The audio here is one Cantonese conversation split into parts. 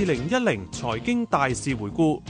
二零一零財經大事回顧。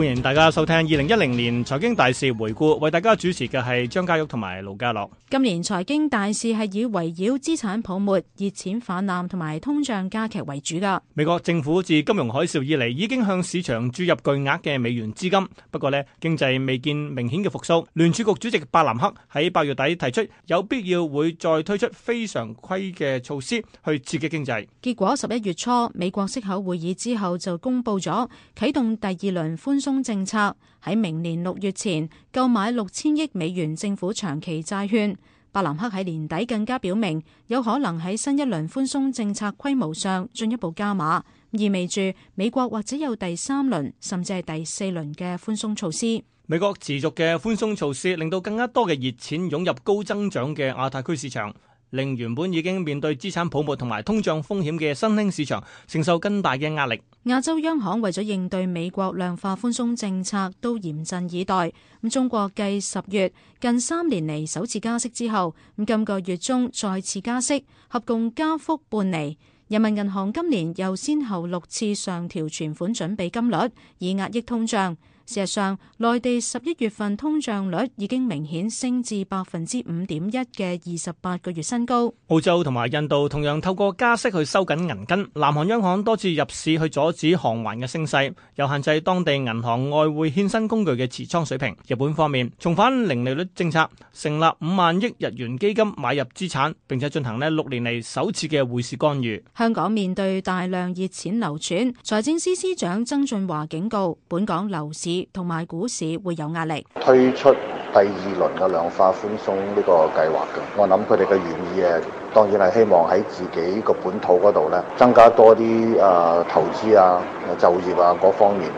歡迎大家收聽二零一零年財經大事回顧，為大家主持嘅係張家旭同埋盧家樂。今年財經大事係以圍繞資產泡沫、熱錢泛濫同埋通脹加劇為主噶。美國政府自金融海嘯以嚟，已經向市場注入巨額嘅美元資金，不過呢經濟未見明顯嘅復蘇。聯儲局主席伯南克喺八月底提出有必要會再推出非常規嘅措施去刺激經濟。結果十一月初美國息口會議之後就公布咗啟動第二輪寬鬆。寬鬆政策喺明年六月前購買六千億美元政府長期債券。伯南克喺年底更加表明，有可能喺新一輪寬鬆政策規模上進一步加碼，意味住美國或者有第三輪甚至係第四輪嘅寬鬆措施。美國持續嘅寬鬆措施，令到更加多嘅熱錢湧入高增長嘅亞太區市場，令原本已經面對資產泡沫同埋通脹風險嘅新興市場承受更大嘅壓力。亞洲央行為咗應對美國量化寬鬆政策，都嚴陣以待。咁中國繼十月近三年嚟首次加息之後，咁今個月中再次加息，合共加幅半厘。人民銀行今年又先後六次上調存款準備金率，以壓抑通脹。事實上，內地十一月份通脹率已經明顯升至百分之五點一嘅二十八個月新高。澳洲同埋印度同樣透過加息去收緊銀根，南韓央行多次入市去阻止韓圜嘅升勢，有限制當地銀行外匯衍生工具嘅持倉水平。日本方面重返零利率政策，成立五萬億日元基金買入資產，並且進行咧六年嚟首次嘅匯市干預。香港面對大量熱錢流轉，財政司司長曾俊華警告本港樓市。同埋股市會有壓力。推出第二輪嘅量化寬鬆呢個計劃嘅，我諗佢哋嘅原意誒，當然係希望喺自己個本土嗰度咧，增加多啲誒投資啊、就業啊嗰方面。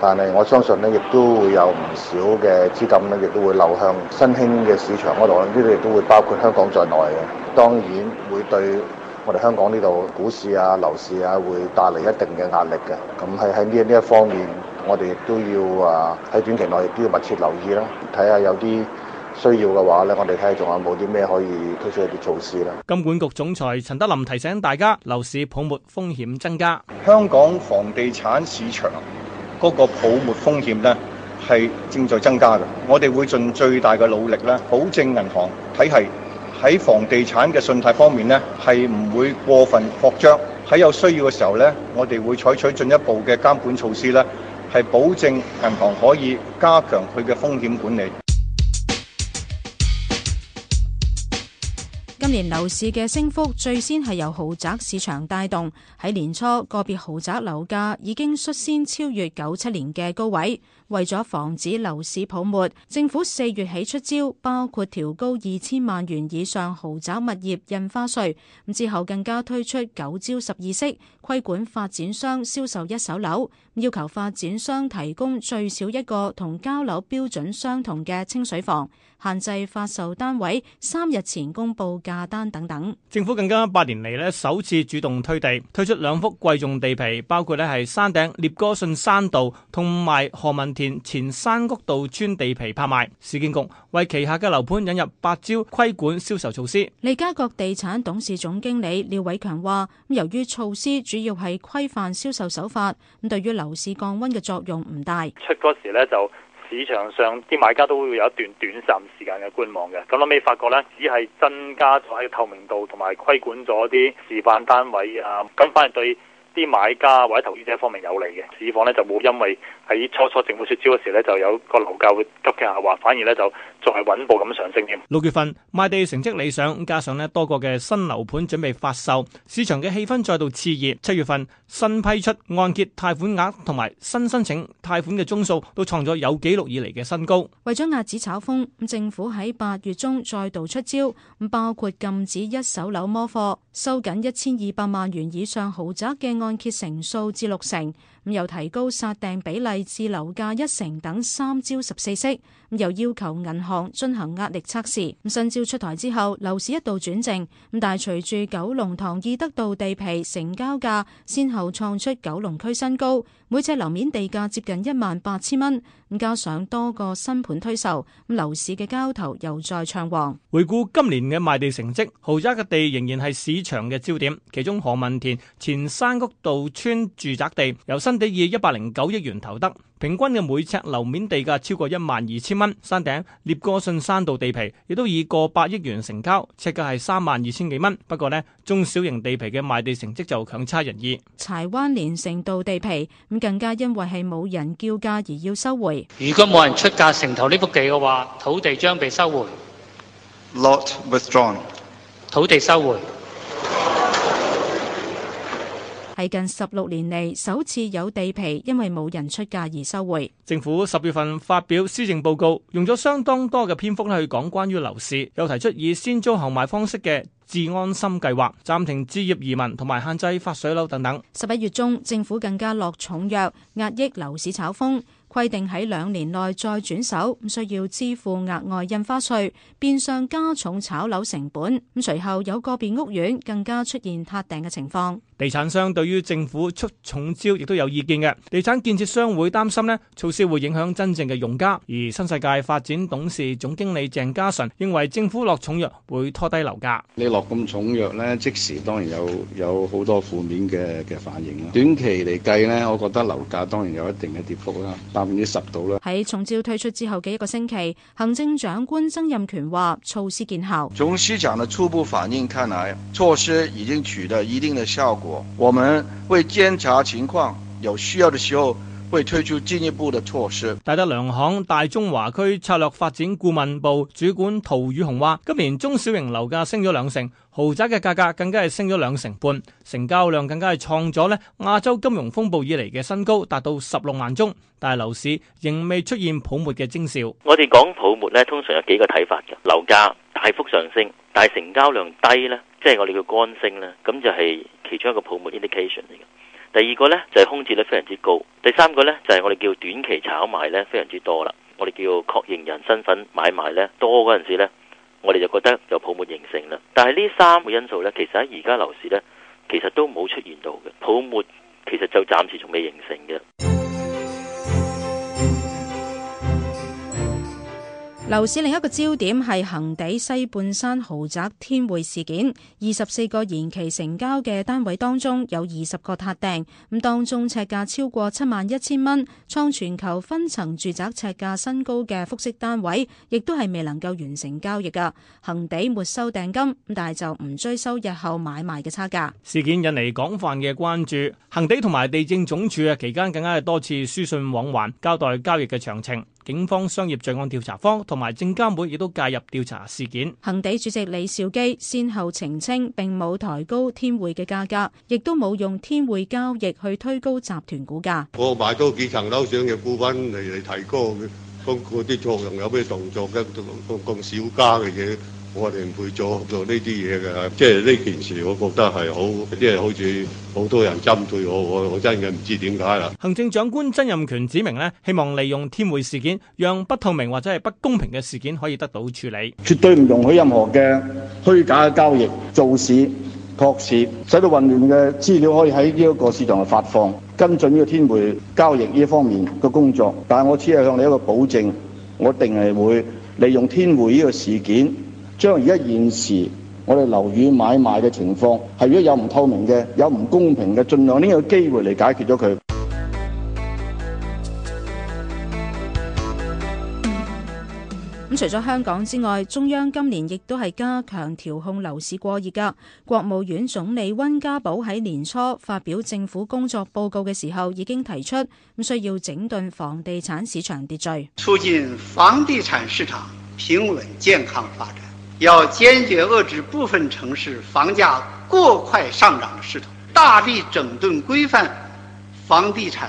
但係我相信咧，亦都會有唔少嘅資金咧，亦都會流向新興嘅市場嗰度，呢啲亦都會包括香港在內嘅。當然會對我哋香港呢度股市啊、樓市啊，會帶嚟一定嘅壓力嘅。咁係喺呢呢一方面。我哋亦都要啊！喺短期內亦都要密切留意啦，睇下有啲需要嘅話咧，我哋睇下仲有冇啲咩可以推出一啲措施啦。金管局總裁陳德霖提醒大家，樓市泡沫風險增加。香港房地產市場嗰個泡沫風險咧，係正在增加嘅。我哋會盡最大嘅努力咧，保證銀行體系喺房地產嘅信貸方面咧，係唔會過分擴張，喺有需要嘅時候咧，我哋會採取進一步嘅監管措施咧，係保證銀行可以加強佢嘅風險管理。今年樓市嘅升幅最先係由豪宅市場帶動，喺年初個別豪宅樓價已經率先超越九七年嘅高位。為咗防止樓市泡沫，政府四月起出招，包括調高二千萬元以上豪宅物業印花稅，咁之後更加推出九招十二式，規管發展商銷售一手樓，要求發展商提供最少一個同交樓標準相同嘅清水房，限制發售單位三日前公布價單等等。政府更加八年嚟咧，首次主動推地，推出兩幅貴重地皮，包括咧係山頂聶歌信山道同埋何文。前山谷道村地皮拍賣，市建局為旗下嘅樓盤引入八招規管銷售措施。利嘉閣地產董事總經理廖偉強話，由於措施主要係規範銷售手法，咁對於樓市降温嘅作用唔大。出嗰時咧，就市場上啲買家都會有一段短暫時間嘅觀望嘅。咁後尾發覺咧，只係增加咗喺透明度，同埋規管咗啲示範單位啊，咁反而對啲買家或者投資者方面有利嘅。市況咧就冇因為。喺初初政府出招嗰時咧，就有個樓價會急劇下滑，反而咧就仲係穩步咁上升添。六月份賣地成績理想，加上咧多個嘅新樓盤準備發售，市場嘅氣氛再度熾熱。七月份新批出按揭貸款額同埋新申請貸款嘅宗數都創咗有記錄以嚟嘅新高。為咗壓止炒風，政府喺八月中再度出招，包括禁止一手樓摸貨，收緊一千二百萬元以上豪宅嘅按揭成數至六成。咁又提高殺訂比例至樓價一成等三招十四式。又要求銀行進行壓力測試。新招出台之後，樓市一度轉靜。但隨住九龍塘義德道地皮成交價，先後創出九龍區新高，每尺樓面地價接近一萬八千蚊。加上多個新盤推售，樓市嘅交投又再暢旺。回顧今年嘅賣地成績，豪宅嘅地仍然係市場嘅焦點。其中何文田前山谷道村住宅地，由新地以一百零九億元投得。平均嘅每尺樓面地價超過一萬二千蚊，山頂聶歌信山道地皮亦都以過百億元成交，尺價係三萬二千幾蚊。不過呢，中小型地皮嘅賣地成績就強差人意。柴灣連城道地皮咁更加因為係冇人叫價而要收回。如果冇人出價承投呢幅地嘅話，土地將被收回。Lot withdrawn，土地收回。係近十六年嚟，首次有地皮，因為冇人出價而收回。政府十月份發表施政報告，用咗相當多嘅篇幅去講關於樓市，又提出以先租後買方式嘅置安心計劃，暫停置業移民同埋限制發水樓等等。十一月中，政府更加落重藥，壓抑樓市炒風，規定喺兩年內再轉手，咁需要支付額外印花稅，變相加重炒樓成本。咁隨後有個別屋苑更加出現塌訂嘅情況。地產商對於政府出重招亦都有意見嘅，地產建設商會擔心呢措施會影響真正嘅用家。而新世界發展董事總經理鄭家純認為政府落重藥會拖低樓價。你落咁重藥呢，即時當然有有好多負面嘅嘅反應啦。短期嚟計呢，我覺得樓價當然有一定嘅跌幅啦，百分之十度啦。喺重招推出之後嘅一個星期，行政長官曾蔭權話措施見效。從市場的初步反應看來，措施已經取得一定的效果。我們會監察情況，有需要的時候，會推出進一步的措施。大德良行大中華區策略發展顧問部主管陶宇雄話，今年中小型樓價升咗兩成，豪宅嘅價格更加係升咗兩成半，成交量更加係創咗呢亞洲金融風暴以嚟嘅新高，達到十六萬宗，但係樓市仍未出現泡沫嘅徵兆。我哋講泡沫呢，通常有幾個睇法嘅，樓價大幅上升，但係成交量低呢，即係我哋叫乾升呢，咁就係其中一個泡沫 indication 嚟嘅。第二個呢，就係、是、空置率非常之高，第三個呢，就係、是、我哋叫短期炒賣呢，非常之多啦。我哋叫確認人身份買賣呢，多嗰陣時呢，我哋就覺得有泡沫形成啦。但係呢三個因素呢，其實喺而家樓市呢，其實都冇出現到嘅泡沫，其實就暫時仲未形成嘅。樓市另一個焦點係恒地西半山豪宅天匯事件，二十四個延期成交嘅單位當中，有二十個撻訂。咁當中尺價超過七萬一千蚊，創全球分層住宅尺價新高嘅複式單位，亦都係未能夠完成交易噶。恒地沒收訂金，但係就唔追收日後買賣嘅差價。事件引嚟廣泛嘅關注，恒地同埋地政總署啊期間更加係多次書信往還，交代交易嘅詳情。警方、商業罪案調查科同埋證監會亦都介入調查事件。恒地主席李兆基先後澄清並冇抬高天匯嘅價格，亦都冇用天匯交易去推高集團股價。我買多幾層樓上嘅股份嚟嚟提高嘅，嗰啲作用有咩動作嘅？咁咁少家嘅嘢。我哋唔會做做呢啲嘢嘅，即係呢件事，我覺得係好即係好似好多人針對我，我我真嘅唔知點解啦。行政長官曾蔭權指明咧，希望利用天匯事件，讓不透明或者係不公平嘅事件可以得到處理，絕對唔容許任何嘅虛假嘅交易、造市、託市，使到混亂嘅資料可以喺呢一個市場嚟發放，跟進呢個天匯交易呢方面嘅工作。但係我只係向你一個保證，我定係會利用天匯呢個事件。將而家現時我哋樓宇買賣嘅情況，係如果有唔透明嘅、有唔公平嘅，儘量呢個機會嚟解決咗佢。咁除咗香港之外，中央今年亦都係加強調控樓市過熱㗎。國務院總理溫家寶喺年初發表政府工作報告嘅時候，已經提出咁需要整頓房地產市場秩序，促進房地產市場平穩健康發展。要堅決遏制部分城市房價過快上漲的勢頭，大力整頓規範房地產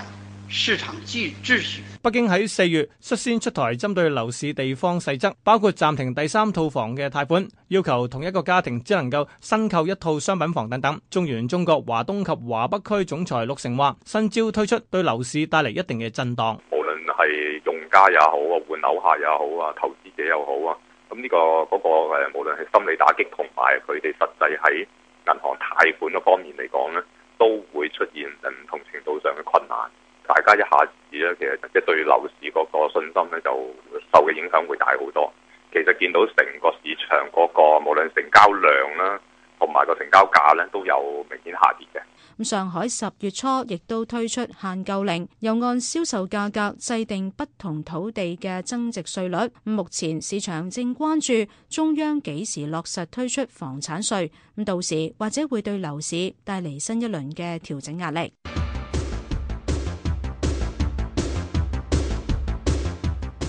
市場嘅秩序。北京喺四月率先出台針對樓市地方細則，包括暫停第三套房嘅貸款，要求同一個家庭只能夠申購一套商品房等等。中原中國華東及華北區總裁陸成話，新招推出對樓市帶嚟一定嘅震盪。無論係用家也好啊，換樓下也好啊，投資者又好啊。咁呢個嗰個誒，無論係心理打擊，同埋佢哋實際喺銀行貸款嗰方面嚟講呢，都會出現唔同程度上嘅困難。大家一下子咧，其實即係對樓市嗰個信心呢，就受嘅影響會大好多。其實見到成個市場嗰個無論成交量啦，同埋個成交價呢，都有明顯下跌嘅。上海十月初亦都推出限購令，又按銷售價格制定不同土地嘅增值稅率。目前市場正關注中央幾時落實推出房產稅，咁到時或者會對樓市帶嚟新一輪嘅調整壓力。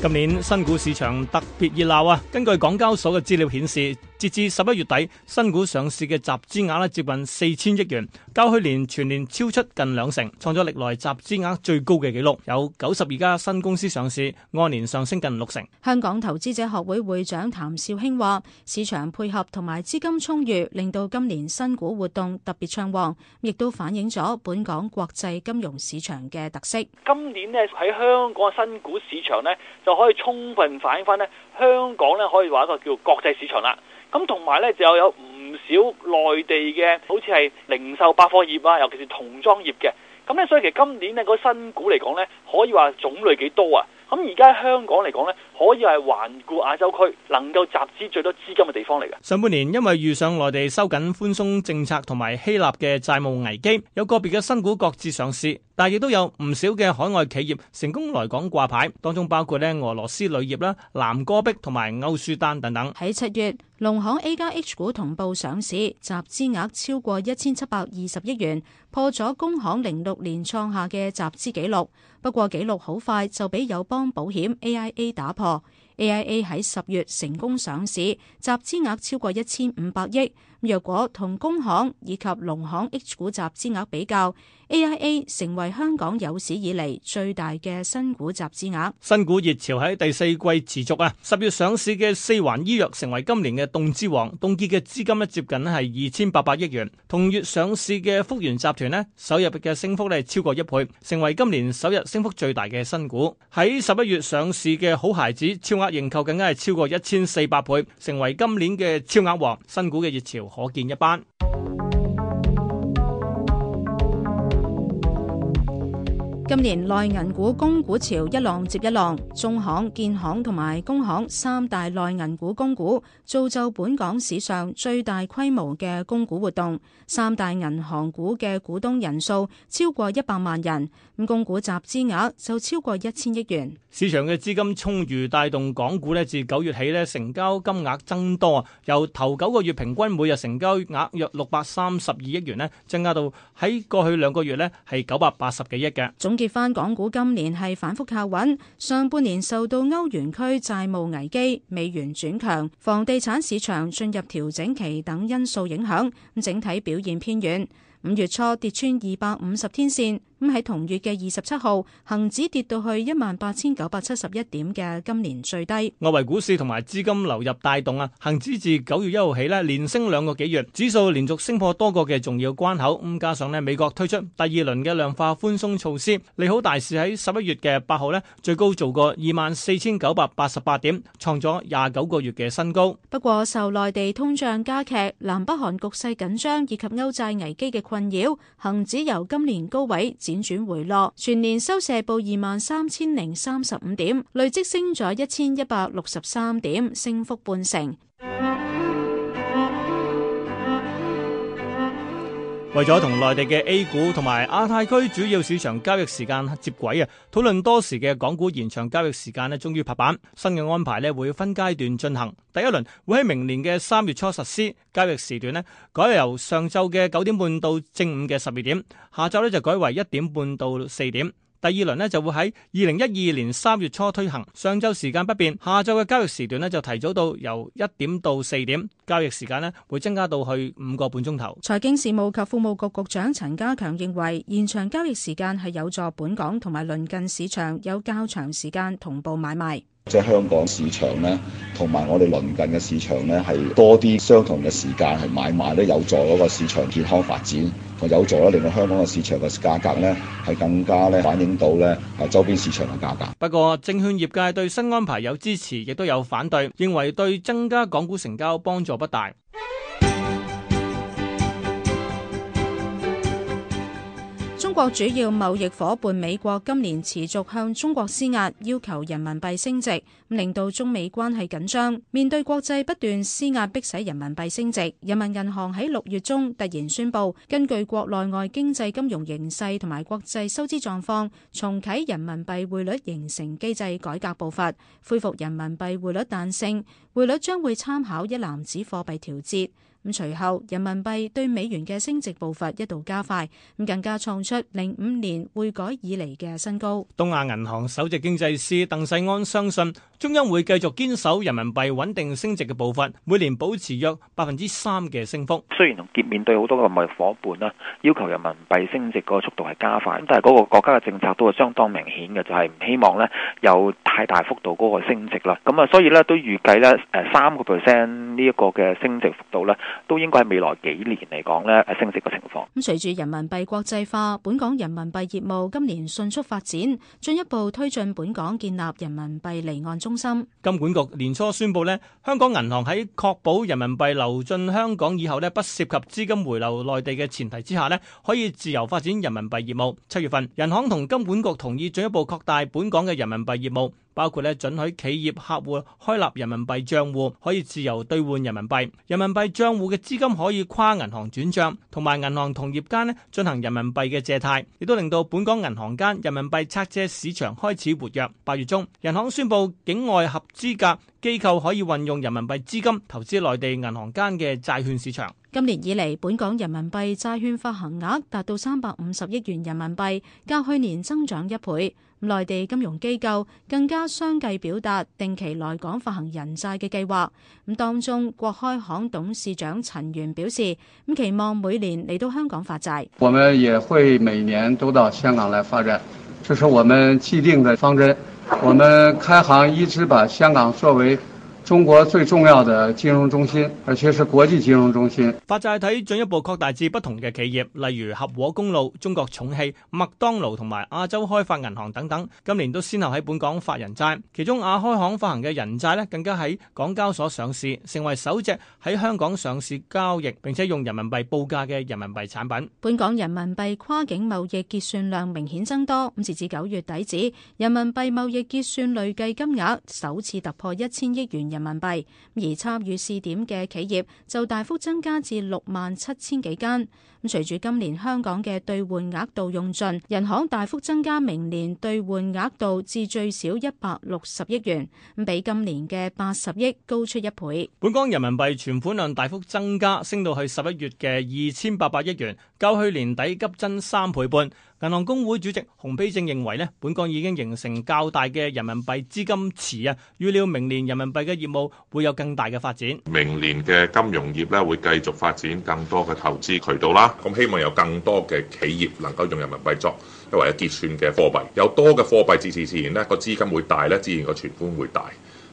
今年新股市場特別熱鬧啊！根據港交所嘅資料顯示。截至十一月底，新股上市嘅集資額接近四千億元，較去年全年超出近兩成，創咗歷來集資額最高嘅紀錄。有九十二家新公司上市，按年上升近六成。香港投資者學會會長譚紹興話：市場配合同埋資金充裕，令到今年新股活動特別暢旺，亦都反映咗本港國際金融市場嘅特色。今年呢喺香港新股市場呢就可以充分反映翻呢，香港呢可以話一個叫國際市場啦。咁同埋咧，就有唔少內地嘅，好似係零售、百貨業啊，尤其是同裝業童裝業嘅。咁咧，所以其實今年呢個新股嚟講咧，可以話種類幾多啊？咁而家香港嚟講咧，可以係環顧亞洲區能夠集資最多資金嘅地方嚟嘅。上半年因為遇上內地收緊寬鬆政策同埋希臘嘅債務危機，有個別嘅新股各自上市。但亦都有唔少嘅海外企業成功來港掛牌，當中包括咧俄羅斯鋁業啦、南戈壁同埋歐舒丹等等。喺七月，農行 A 加 H 股同步上市，集資額超過一千七百二十億元，破咗工行零六年創下嘅集資紀錄。不過紀錄好快就俾友邦保險 AIA 打破，AIA 喺十月成功上市，集資額超過一千五百億元。若果同工行以及農行 H 股集資額比較。AIA 成為香港有史以嚟最大嘅新股集資額，新股熱潮喺第四季持續啊！十月上市嘅四環醫藥成為今年嘅凍資王，凍結嘅資金呢，接近呢係二千八百億元。同月上市嘅福元集團呢，首日嘅升幅呢超過一倍，成為今年首日升幅最大嘅新股。喺十一月上市嘅好孩子超額認購更加係超過一千四百倍，成為今年嘅超額王。新股嘅熱潮可見一斑。今年內銀股供股潮一浪接一浪，中行、建行同埋工行三大內銀股供股，造就本港史上最大規模嘅供股活動。三大銀行股嘅股東人數超過一百萬人，咁供股集資額就超過一千億元。市場嘅資金充裕，帶動港股咧，自九月起咧，成交金額增多，由頭九個月平均每日成交額約六百三十二億元咧，增加到喺過去兩個月咧係九百八十幾億嘅。結翻港股今年係反覆靠穩，上半年受到歐元區債務危機、美元轉強、房地產市場進入調整期等因素影響，整體表現偏軟。五月初跌穿二百五十天綫。咁喺同月嘅二十七號，恒指跌到去一萬八千九百七十一點嘅今年最低。外圍股市同埋資金流入帶動啊，恒指自九月一號起呢，連升兩個幾月，指數連續升破多個嘅重要關口。咁加上呢，美國推出第二輪嘅量化寬鬆措施，利好大市喺十一月嘅八號呢，最高做過二萬四千九百八十八點，創咗廿九個月嘅新高。不過受內地通脹加劇、南北韓局勢緊張以及歐債危機嘅困擾，恒指由今年高位輾轉回落，全年收市報二萬三千零三十五點，累積升咗一千一百六十三點，升幅半成。為咗同內地嘅 A 股同埋亞太區主要市場交易時間接軌啊，討論多時嘅港股延長交易時間呢，終於拍板。新嘅安排呢，會分階段進行，第一輪會喺明年嘅三月初實施，交易時段呢，改由上晝嘅九點半到正午嘅十二點，下晝呢就改為一點半到四點。第二輪就會喺二零一二年三月初推行，上週時間不變，下晝嘅交易時段就提早到由一點到四點，交易時間咧會增加到去五個半鐘頭。財經事務及庫務局局，局長陳家強認為，延長交易時間係有助本港同埋鄰近市場有較長時間同步買賣。即係香港市場咧，同埋我哋鄰近嘅市場咧，係多啲相同嘅時間，係買賣咧，有助嗰個市場健康發展，同有助咧令到香港嘅市場嘅價格咧係更加咧反映到咧啊周邊市場嘅價格。不過，證券業界對新安排有支持，亦都有反對，認為對增加港股成交幫助不大。中國主要貿易伙伴美國今年持續向中國施壓，要求人民幣升值，令到中美關係緊張。面對國際不斷施壓，迫使人民幣升值，人民銀行喺六月中突然宣布，根據國內外經濟金融形勢同埋國際收支狀況，重啟人民幣匯率形成機制改革步伐，恢復人民幣匯率彈性。匯率將會參考一籃子貨幣調節，咁隨後人民幣對美元嘅升值步伐一度加快，咁更加創出零五年匯改以嚟嘅新高。東亞銀行首席經濟師鄧世安相信，中央會繼續堅守人民幣穩定升值嘅步伐，每年保持約百分之三嘅升幅。雖然同結面對好多嘅貿易伙伴啦，要求人民幣升值個速度係加快，但係嗰個國家嘅政策都係相當明顯嘅，就係唔希望呢有太大幅度嗰個升值啦。咁啊，所以呢都預計呢。誒，三個 percent 呢一個嘅升值幅度呢，都應該係未來幾年嚟講呢，誒升值嘅情況。咁隨住人民幣國際化，本港人民幣業務今年迅速發展，進一步推進本港建立人民幣離岸中心。金管局年初宣布呢，香港銀行喺確保人民幣流進香港以後呢，不涉及資金回流內地嘅前提之下呢，可以自由發展人民幣業務。七月份，銀行同金管局同意進一步擴大本港嘅人民幣業務。包括咧准許企業客戶開立人民幣賬戶，可以自由兌換人民幣。人民幣賬戶嘅資金可以跨銀行轉賬，同埋銀行同業間呢進行人民幣嘅借貸，亦都令到本港銀行間人民幣拆借市場開始活躍。八月中，銀行宣布境外合資格機構可以運用人民幣資金投資內地銀行間嘅債券市場。今年以嚟，本港人民幣債券發行額達到三百五十億元人民幣，較去年增長一倍。內地金融機構更加相繼表達定期來港發行人債嘅計劃。咁當中，國開行董事長陳元表示，咁期望每年嚟到香港發債。我們也會每年都到香港來發展，這是我們既定的方針。我們開行一直把香港作為。中國最重要的金融中心，而且是國際金融中心。發債體進一步擴大至不同嘅企業，例如合和公路、中國重汽、麥當勞同埋亞洲開發銀行等等，今年都先後喺本港發人債，其中亞開行發行嘅人債咧，更加喺港交所上市，成為首隻喺香港上市交易並且用人民幣報價嘅人民幣產品。本港人民幣跨境貿易結算量明顯增多，咁截至九月底止，人民幣貿易結算累計金額首次突破一千億元。人民幣而參與試點嘅企業就大幅增加至六萬七千幾間。咁隨住今年香港嘅兌換額度用盡，人行大幅增加明年兌換額度至最少一百六十億元，比今年嘅八十億高出一倍。本港人民幣存款量大幅增加，升到去十一月嘅二千八百億元，較去年底急增三倍半。銀行工會主席洪丕正認為咧，本港已經形成較大嘅人民幣資金池啊，預料明年人民幣嘅業務會有更大嘅發展。明年嘅金融業咧會繼續發展更多嘅投資渠道啦。咁希望有更多嘅企業能夠用人民幣作一為者結算嘅貨幣，有多嘅貨幣自自然咧個資金會大咧，自然個存款會大。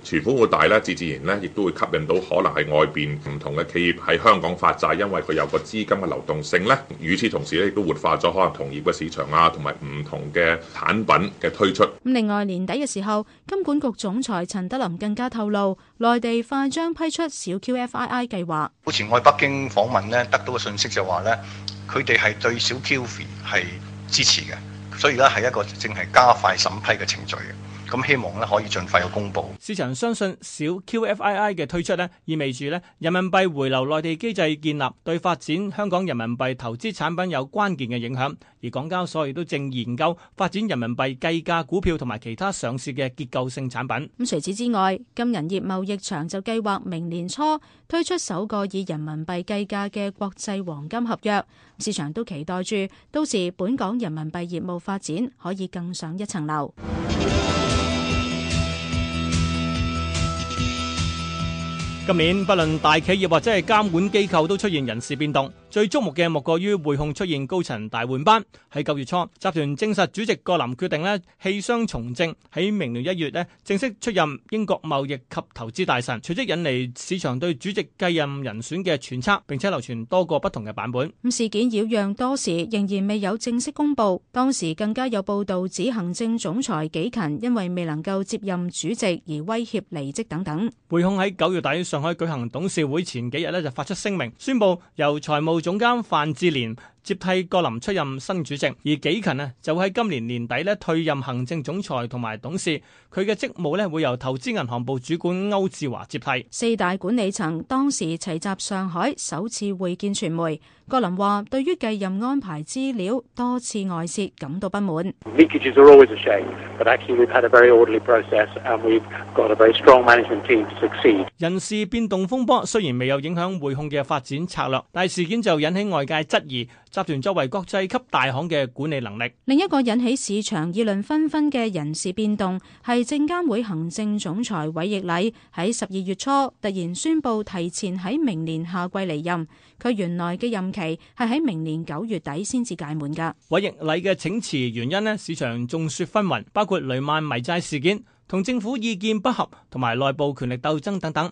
存款會大咧，自自然咧，亦都會吸引到可能係外邊唔同嘅企業喺香港發債，因為佢有個資金嘅流動性咧。與此同時咧，亦都活化咗可能同業嘅市場啊，同埋唔同嘅產品嘅推出。咁另外年底嘅時候，金管局總裁陳德霖更加透露，內地快將批出小 QFII 計劃。之前我喺北京訪問咧，得到嘅信息就話咧，佢哋係對小 QFII 係支持嘅，所以而家係一個正係加快審批嘅程序嘅。咁希望呢可以盡快有公布。市場相信小 QFII 嘅推出呢，意味住呢人民幣回流內地機制建立，對發展香港人民幣投資產品有關鍵嘅影響。而港交所亦都正研究發展人民幣計價股票同埋其他上市嘅結構性產品。咁除此之外，金銀業貿易場就計劃明年初推出首個以人民幣計價嘅國際黃金合約。市場都期待住，到時本港人民幣業務發展可以更上一層樓。今年，不論大企業或者係監管機構，都出現人事變動。最矚目嘅莫過於匯控出現高層大換班。喺九月初，集團證實主席葛霖決定咧棄商從政，喺明年一月咧正式出任英國貿易及投資大臣，隨即引嚟市場對主席繼任人選嘅揣測，並且流傳多個不同嘅版本。咁事件擾攘多時仍然未有正式公布。當時更加有報道指行政總裁紀勤因為未能夠接任主席而威脅離職等等。匯控喺九月底上海舉行董事會前幾日咧就發出聲明，宣布由財務。總監范志蓮，接替葛霖出任新主席，而紀勤就喺今年年底退任行政總裁同埋董事，佢嘅職務咧會由投資銀行部主管歐智華接替。四大管理層當時齊集上海，首次會見傳媒。葛霖話：對於繼任安排資料多次外泄感到不滿。人事變動風波雖然未有影響匯控嘅發展策略，但事件就引起外界質疑。集團作為國際級大行嘅管理能力，另一個引起市場議論紛紛嘅人事變動，係證監會行政總裁韋奕禮喺十二月初突然宣佈提前喺明年夏季離任。佢原來嘅任期係喺明年九月底先至屆滿噶。韋奕禮嘅請辭原因呢，市場眾說紛紜，包括雷曼迷債事件、同政府意見不合、同埋內部權力鬥爭等等。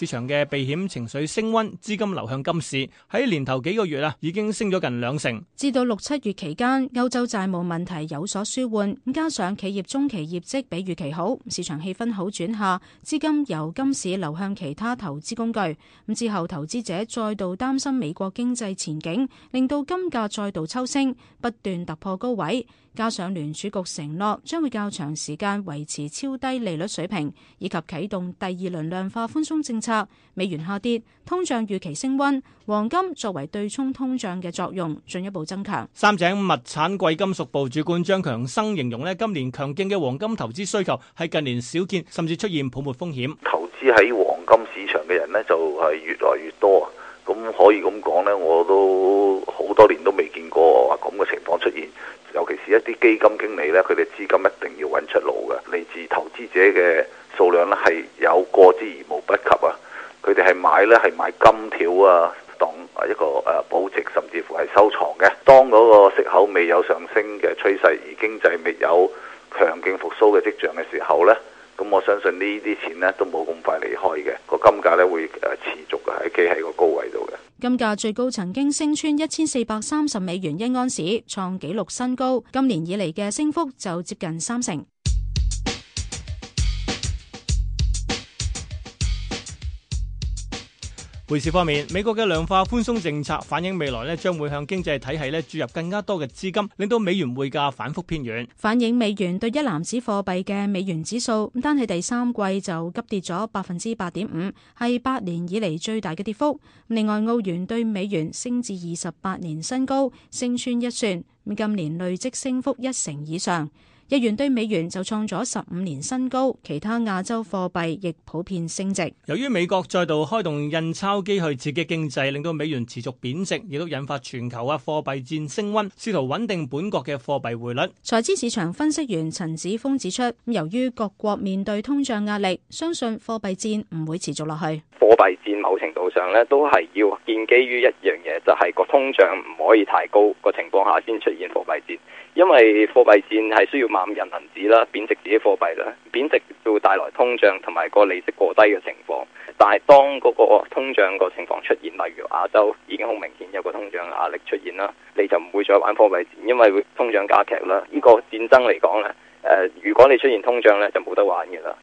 市場嘅避險情緒升温，資金流向金市。喺年頭幾個月啊已經升咗近兩成。至到六七月期間，歐洲債務問題有所舒緩，加上企業中期業績比預期好，市場氣氛好轉下，資金由金市流向其他投資工具。咁之後，投資者再度擔心美國經濟前景，令到金價再度抽升，不斷突破高位。加上聯儲局承諾將會較長時間維持超低利率水平，以及啟動第二輪量化寬鬆政策，美元下跌、通脹預期升温，黃金作為對沖通脹嘅作用進一步增強。三井物產貴金屬部主管張強生形容呢，今年強勁嘅黃金投資需求係近年少見，甚至出現泡沫風險。投資喺黃金市場嘅人呢，就係越來越多，咁可以咁講呢，我都好多年都未見過咁嘅情況出現。尤其是一啲基金經理咧，佢哋資金一定要揾出路嘅，嚟自投資者嘅數量咧係有過之而無不及啊！佢哋係買咧係買金條啊，當一個誒保值甚至乎係收藏嘅。當嗰個息口未有上升嘅趨勢，而經濟未有強勁復甦嘅跡象嘅時候咧，咁我相信呢啲錢咧都冇咁快離開嘅，個金價咧會誒持續嘅喺企喺個高位。金價最高曾經升穿一千四百三十美元一盎司，創紀錄新高。今年以來嘅升幅就接近三成。匯市方面，美國嘅量化寬鬆政策反映未來咧，將會向經濟體系咧注入更加多嘅資金，令到美元匯價反覆偏軟。反映美元對一籃子貨幣嘅美元指數，單係第三季就急跌咗百分之八點五，係八年以嚟最大嘅跌幅。另外，澳元對美元升至二十八年新高，升穿一算，今年累積升幅一成以上。日元對美元就創咗十五年新高，其他亞洲貨幣亦普遍升值。由於美國再度開動印鈔機去刺激經濟，令到美元持續貶值，亦都引發全球啊貨幣戰升温，試圖穩定本國嘅貨幣匯率。財資市場分析員陳子峰指出，由於各國面對通脹壓力，相信貨幣戰唔會持續落去。貨幣戰某程度上咧，都係要建基於一樣嘢，就係個通脹唔可以太高個情況下先出現貨幣戰。因為貨幣戰係需要慢人能止啦，貶值自己貨幣啦，貶值就會帶來通脹同埋個利息過低嘅情況。但係當嗰個通脹個情況出現，例如亞洲已經好明顯有個通脹壓力出現啦，你就唔會再玩貨幣戰，因為會通脹加劇啦。呢個戰爭嚟講咧，誒、呃，如果你出現通脹咧，就冇得玩嘅啦。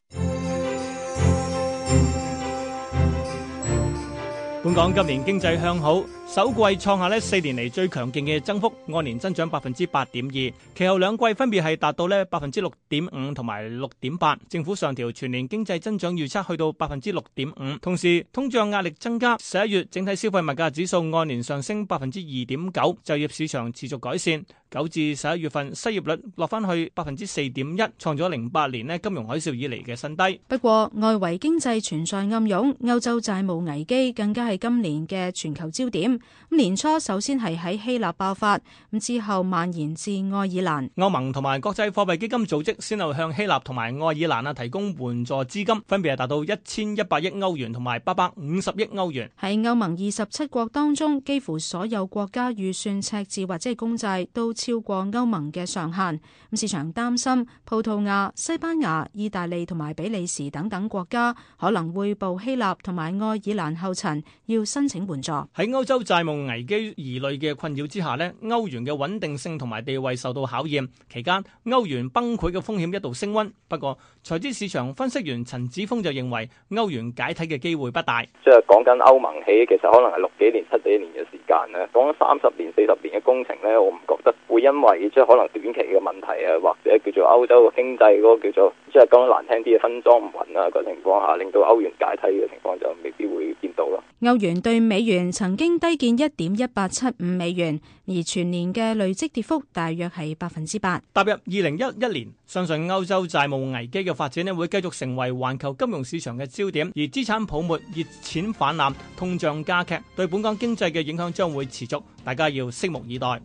本港今年經濟向好。首季創下四年嚟最強勁嘅增幅，按年增長百分之八點二，其後兩季分別係達到百分之六點五同埋六點八。政府上調全年經濟增長預測去到百分之六點五，同時通脹壓力增加。十一月整體消費物價指數按年上升百分之二點九，就業市場持續改善。九至十一月份失業率落翻去百分之四點一，創咗零八年金融海嘯以嚟嘅新低。不過外圍經濟存在暗湧，歐洲債務危機更加係今年嘅全球焦點。年初首先係喺希臘爆發，咁之後蔓延至愛爾蘭。歐盟同埋國際貨幣基金組織先後向希臘同埋愛爾蘭啊提供援助資金，分別係達到一千一百億歐元同埋八百五十億歐元。喺歐盟二十七國當中，幾乎所有國家預算赤字或者係公債都超過歐盟嘅上限。咁市場擔心葡萄牙、西班牙、意大利同埋比利時等等國家可能會步希臘同埋愛爾蘭後塵，要申請援助。喺歐洲債務危機疑慮嘅困擾之下咧，歐元嘅穩定性同埋地位受到考驗。期間，歐元崩潰嘅風險一度升温。不過，財資市場分析員陳子峰就認為，歐元解體嘅機會不大。即係講緊歐盟起，其實可能係六幾年、七幾年嘅時間啦。講三十年、四十年嘅工程咧，我唔覺得會因為即係可能短期嘅問題啊，或者叫做歐洲嘅經濟嗰個叫做即係講難聽啲嘅分贓唔匀啊個情況下，令到歐元解體嘅情況就未必會見到咯。歐元對美元曾經低見一點一八七五美元，而全年嘅累積跌幅大約係百分之八。踏入二零一一年，相信歐洲債務危機嘅發展呢會繼續成為環球金融市場嘅焦點，而資產泡沫、熱錢泛濫、通脹加劇，對本港經濟嘅影響將會持續，大家要拭目以待。